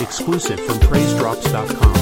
exclusive from PraiseDrops.com.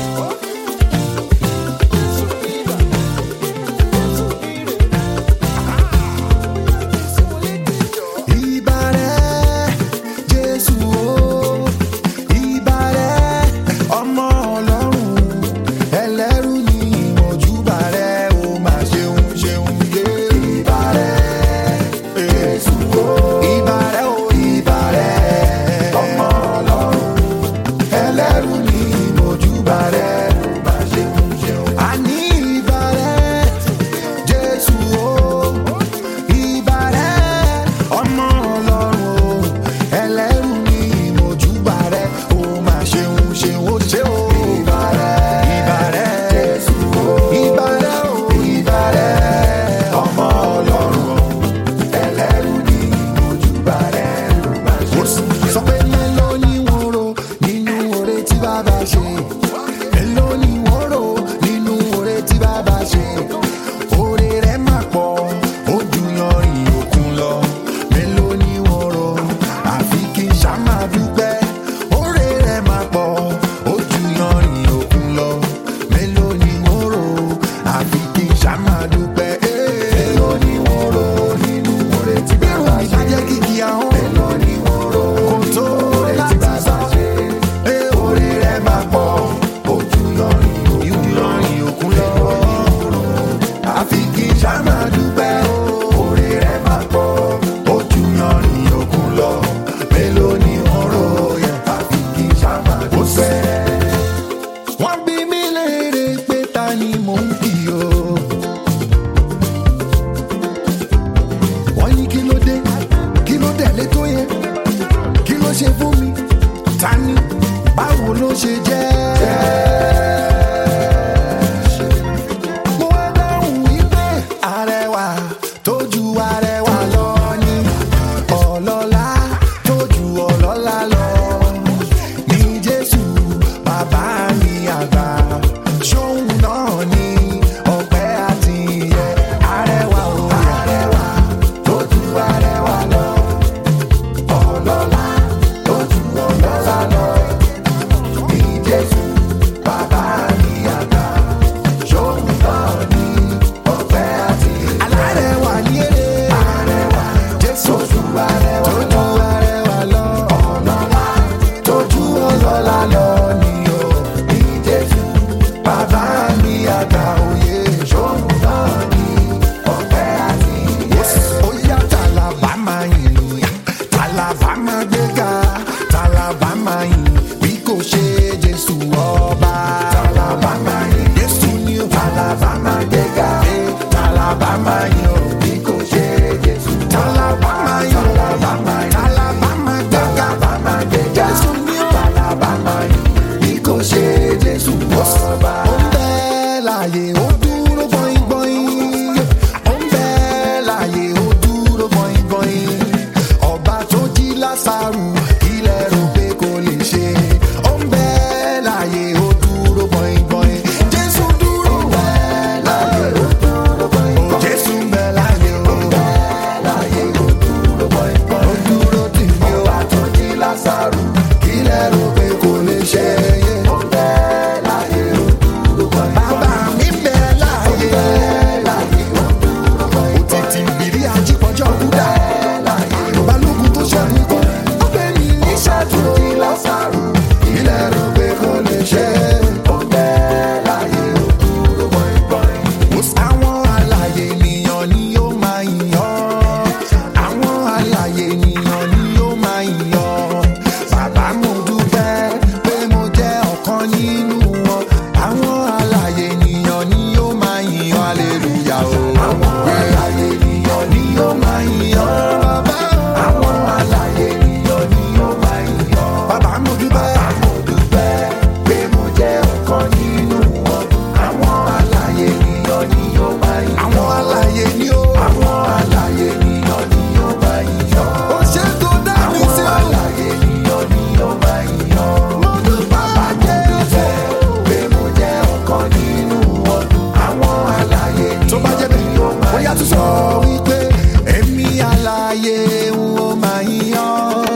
aláyé ń wo màá yán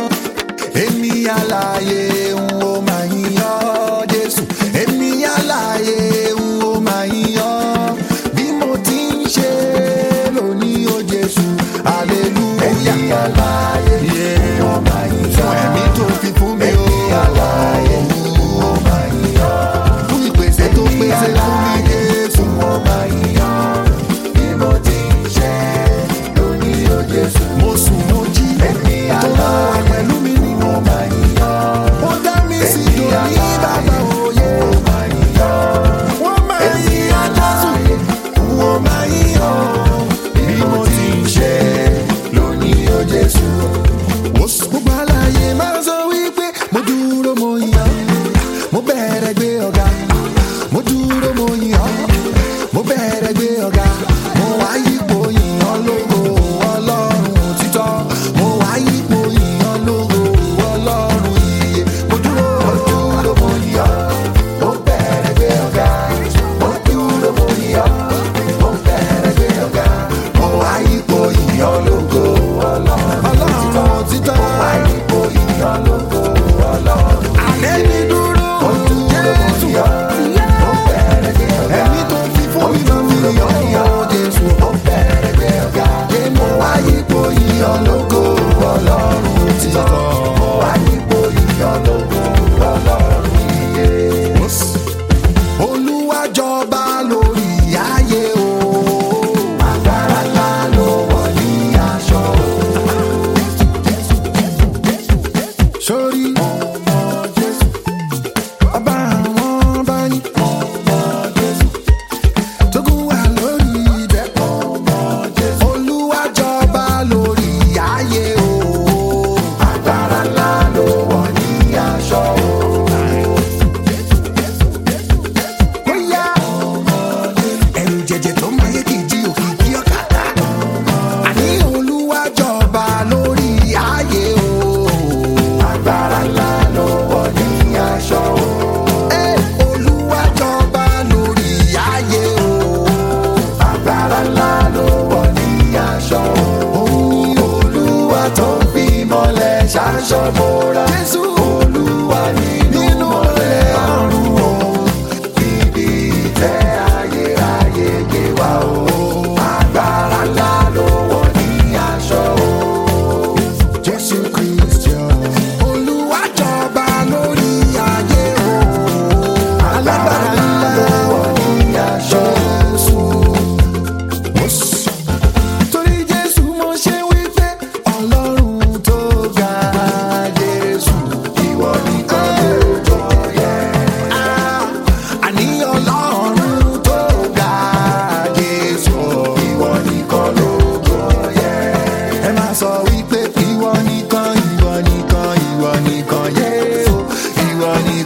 èmi aláyé.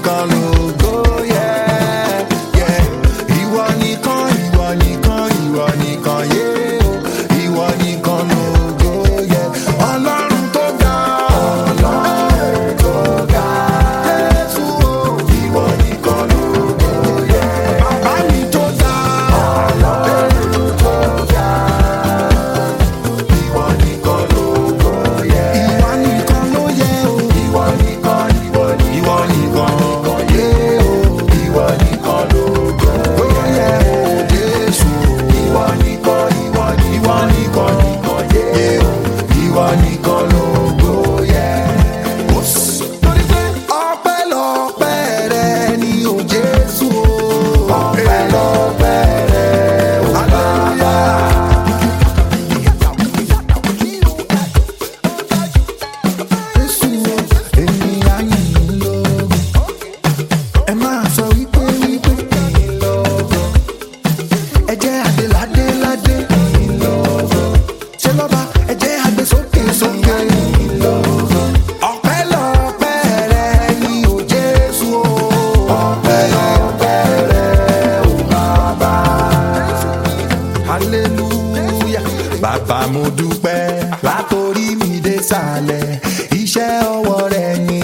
calor. hallelujah. Bàbá mo dúpẹ́ látòrí mi dé sàlẹ̀. Iṣẹ́ ọwọ́ rẹ̀ ni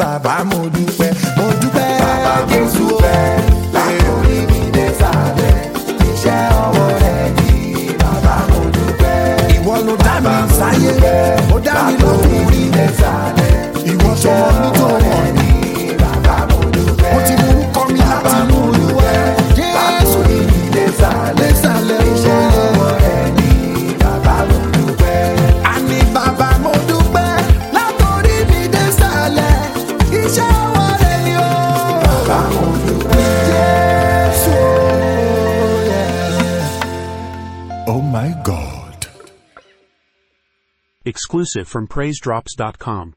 bàbá mo dúpẹ́. Mo dúpẹ́ Jésù ẹ̀ látòrí mi dé sàlẹ̀. Exclusive from PraiseDrops.com.